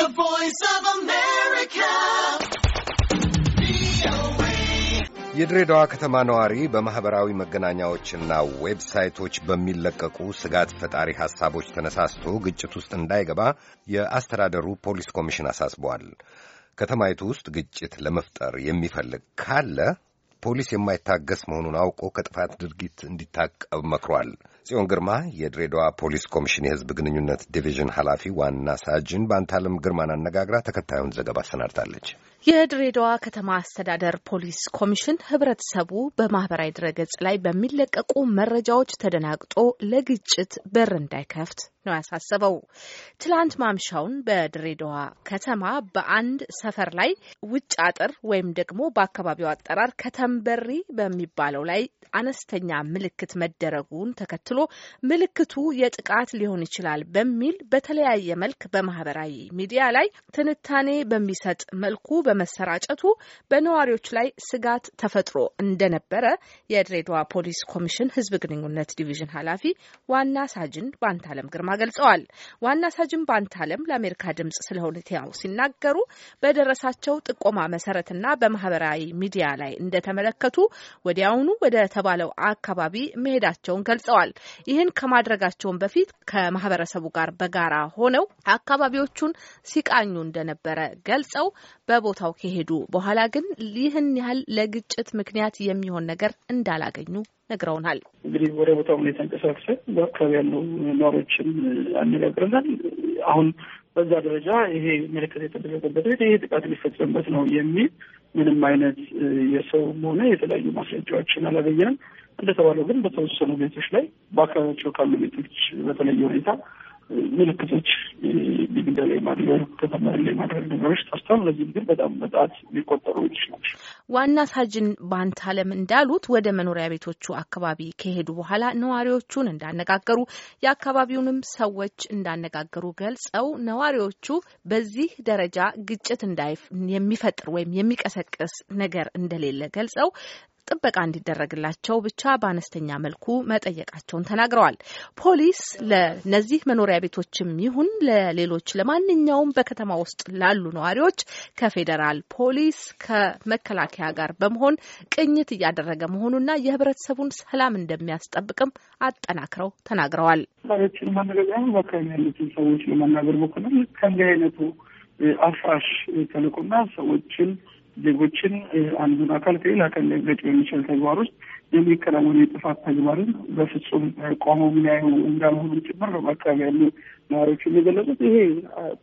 The Voice of America. የድሬዳዋ ከተማ ነዋሪ በማኅበራዊ መገናኛዎችና ዌብሳይቶች በሚለቀቁ ስጋት ፈጣሪ ሐሳቦች ተነሳስቶ ግጭት ውስጥ እንዳይገባ የአስተዳደሩ ፖሊስ ኮሚሽን አሳስቧል። ከተማይቱ ውስጥ ግጭት ለመፍጠር የሚፈልግ ካለ ፖሊስ የማይታገስ መሆኑን አውቆ ከጥፋት ድርጊት እንዲታቀብ መክሯል። ጽዮን ግርማ የድሬዳዋ ፖሊስ ኮሚሽን የህዝብ ግንኙነት ዲቪዥን ኃላፊ ዋና ሳጅን በአንታለም ግርማን አነጋግራ ተከታዩን ዘገባ አሰናድታለች። የድሬዳዋ ከተማ አስተዳደር ፖሊስ ኮሚሽን ህብረተሰቡ በማህበራዊ ድረገጽ ላይ በሚለቀቁ መረጃዎች ተደናግጦ ለግጭት በር እንዳይከፍት ነው ያሳሰበው። ትላንት ማምሻውን በድሬዳዋ ከተማ በአንድ ሰፈር ላይ ውጭ አጥር ወይም ደግሞ በአካባቢው አጠራር ከተምበሪ በሚባለው ላይ አነስተኛ ምልክት መደረጉን ተከትሎ ተከትሎ ምልክቱ የጥቃት ሊሆን ይችላል በሚል በተለያየ መልክ በማህበራዊ ሚዲያ ላይ ትንታኔ በሚሰጥ መልኩ በመሰራጨቱ በነዋሪዎች ላይ ስጋት ተፈጥሮ እንደነበረ የድሬዳዋ ፖሊስ ኮሚሽን ህዝብ ግንኙነት ዲቪዥን ኃላፊ ዋና ሳጅን ባንታለም ግርማ ገልጸዋል። ዋና ሳጅን ባንታለም ለአሜሪካ ድምጽ ስለ ሁኔታው ሲናገሩ በደረሳቸው ጥቆማ መሰረትና በማህበራዊ ሚዲያ ላይ እንደተመለከቱ ወዲያውኑ ወደ ተባለው አካባቢ መሄዳቸውን ገልጸዋል። ይህን ከማድረጋቸውን በፊት ከማህበረሰቡ ጋር በጋራ ሆነው አካባቢዎቹን ሲቃኙ እንደነበረ ገልጸው በቦታው ከሄዱ በኋላ ግን ይህን ያህል ለግጭት ምክንያት የሚሆን ነገር እንዳላገኙ ነግረውናል። እንግዲህ ወደ ቦታው ሁኔታ እንቀሳቀሰ በአካባቢ ያለው ነዋሪዎችን አነጋግረናል። አሁን በዛ ደረጃ ይሄ ምልክት የተደረገበት ቤት ይሄ ጥቃት ሊፈጸምበት ነው የሚል ምንም አይነት የሰውም ሆነ የተለያዩ ማስረጃዎችን አላገኘንም። እንደተባለው ግን በተወሰኑ ቤቶች ላይ በአካባቢያቸው ካሉ ቤቶች በተለየ ሁኔታ ምልክቶች ግድግዳ ላይ ማድረግ ከተማ ላይ ማድረግ ነገሮች ታስተዋል። ለዚህም ግን በጣም በጣት የሚቆጠሩ ወንች ናቸው። ዋና ሳጅን ባንታለም እንዳሉት ወደ መኖሪያ ቤቶቹ አካባቢ ከሄዱ በኋላ ነዋሪዎቹን እንዳነጋገሩ የአካባቢውንም ሰዎች እንዳነጋገሩ ገልጸው ነዋሪዎቹ በዚህ ደረጃ ግጭት እንዳይ የሚፈጥር ወይም የሚቀሰቅስ ነገር እንደሌለ ገልጸው ጥበቃ እንዲደረግላቸው ብቻ በአነስተኛ መልኩ መጠየቃቸውን ተናግረዋል። ፖሊስ ለነዚህ መኖሪያ ቤቶችም ይሁን ለሌሎች ለማንኛውም በከተማ ውስጥ ላሉ ነዋሪዎች ከፌዴራል ፖሊስ ከመከላከያ ጋር በመሆን ቅኝት እያደረገ መሆኑና የህብረተሰቡን ሰላም እንደሚያስጠብቅም አጠናክረው ተናግረዋል። ሰዎችን ማነጋገር በአካባቢ ያሉትን ሰዎች ለመናገር በኩልም ከእንዲህ አይነቱ አፍራሽ ተልእኮና ሰዎችን ዜጎችን አንዱን አካል ከሌላ አካል ሊያጋጭ በሚችል ተግባር ውስጥ የሚከናወኑ የጥፋት ተግባርን በፍጹም ቆሞ የሚያዩ እንዳልሆኑ ጭምር ነው በአካባቢ ያሉ ነዋሪዎች የሚገለጹት። ይሄ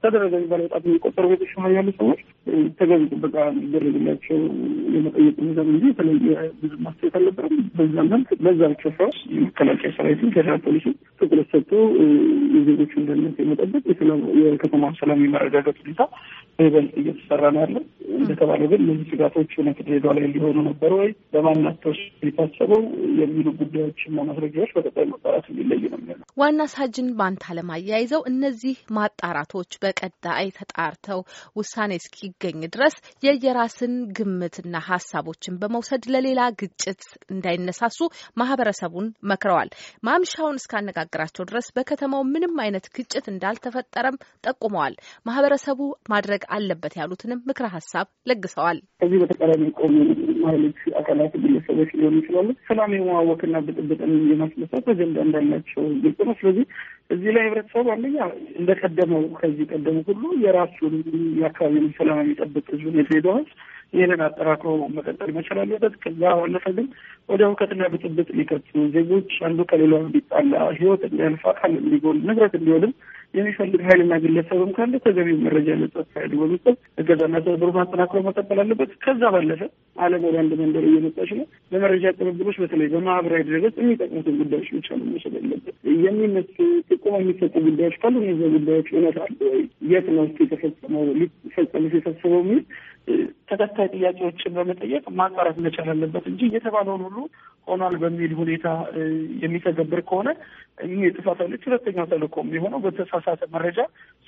ተደረገ የሚባል በጣት የሚቆጠሩ ቤቶች ላይ ያሉ ሰዎች ተገቢ ጥበቃ የሚደረግላቸው የመጠየቅ ሚዛን እንጂ የተለየ ብዙ ማስተያየት አልነበረም። በዛ መልክ በዛ ብቻ ሰው የመከላከያ ሰራዊትን ፌደራል ፖሊሱ ትኩረት ሰጥቶ የዜጎቹን ደህንነት የመጠበቅ የከተማ ሰላም የመረጋገጥ ሁኔታ በይበልጥ እየተሰራ ነው ያለ እንደተባለው ግን እነዚህ ስጋቶች እውነት ድሬዳዋ ላይ ሊሆኑ ነበር ወይ በማናቸው የታሰበው የሚሉ ጉዳዮችና ማስረጃዎች በቀጣይ መጣራት እንዲለይ ነው የሚሆነው። ዋና ሳጅን ባንታ ለማያይዘው እነዚህ ማጣራቶች በቀጣይ ተጣርተው ውሳኔ እስኪገኝ ድረስ የየራስን ግምትና ሀሳቦችን በመውሰድ ለሌላ ግጭት እንዳይነሳሱ ማህበረሰቡን መክረዋል። ማምሻውን እስካነጋግራቸው ድረስ በከተማው ምንም አይነት ግጭት እንዳልተፈጠረም ጠቁመዋል። ማህበረሰቡ ማድረግ አለበት ያሉትንም ምክረ ሀሳብ ሀሳብ ለግሰዋል። ከዚህ በተቃራኒ የቆሙ ኃይሎች አካላት፣ ግለሰቦች ሊሆኑ ይችላሉ። ሰላም የማዋወክና ብጥብጥን የማስነሳት አጀንዳ እንዳላቸው ግልጽ ነው። ስለዚህ እዚህ ላይ ህብረተሰቡ አንደኛ እንደቀደመው ከዚህ ቀደሙ ሁሉ የራሱን የአካባቢውን ሰላም የሚጠብቅ ህዝቡን የድሬዳዋ ይህንን አጠራክሮ መቀጠል መቻል አለበት። ከዛ ባለፈ ግን ወደ ሁከትና ብጥብጥ ሊከቱ ዜጎች አንዱ ከሌላው እንዲጣላ ህይወት እንዲያልፍ አካል እንዲጎል ንብረት እንዲሆንም የሚፈልግ ሀይልና ግለሰብም ካለ ተገቢው መረጃ ለጸጥታ ሀይል በመስጠት እገዛና ትብብሩን ማጠናክሮ መቀጠል አለበት። ከዛ ባለፈ አለም ወደ አንድ መንደር እየመጣች ነው። በመረጃ ቅብብሎች በተለይ በማህበራዊ ድረገጽ የሚጠቅሙትን ጉዳዮች ብቻ ነው መውሰድ አለበት የሚመስ ጥቁም የሚሰጡ ጉዳዮች ካሉ እነዚያ ጉዳዮች እውነት አለ ወይ? የት ነው ስ የተፈጸመው ሊፈጸምስ የታሰበው የሚል ተከታይ ጥያቄዎችን በመጠየቅ ማጣራት መቻል አለበት እንጂ የተባለውን ሁሉ ሆኗል በሚል ሁኔታ የሚተገብር ከሆነ ይህ የጥፋት ኃይሎች ሁለተኛው ተልእኮ የሚሆነው በተሳሳተ መረጃ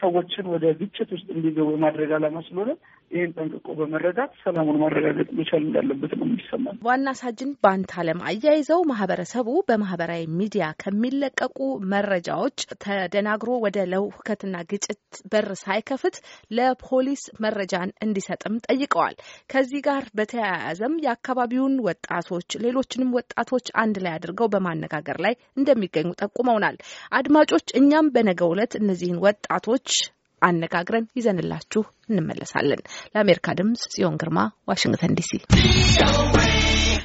ሰዎችን ወደ ግጭት ውስጥ እንዲገቡ የማድረግ አላማ ስለሆነ ይህን ጠንቅቆ በመረዳት ሰላሙን ማረጋገጥ መቻል እንዳለበት ነው የሚሰማል። ዋና ሳጅን ባንታለም አያይዘው ማህበረሰቡ በማህበራዊ ሚዲያ ከሚለቀቁ መረጃዎች ተደናግሮ ወደ ለውከትና ግጭት በር ሳይከፍት ለፖሊስ መረጃን እንዲሰጥም ጠይቀዋል። ገልጸዋል። ከዚህ ጋር በተያያዘም የአካባቢውን ወጣቶች፣ ሌሎችንም ወጣቶች አንድ ላይ አድርገው በማነጋገር ላይ እንደሚገኙ ጠቁመውናል። አድማጮች፣ እኛም በነገው ዕለት እነዚህን ወጣቶች አነጋግረን ይዘንላችሁ እንመለሳለን። ለአሜሪካ ድምጽ ጽዮን ግርማ ዋሽንግተን ዲሲ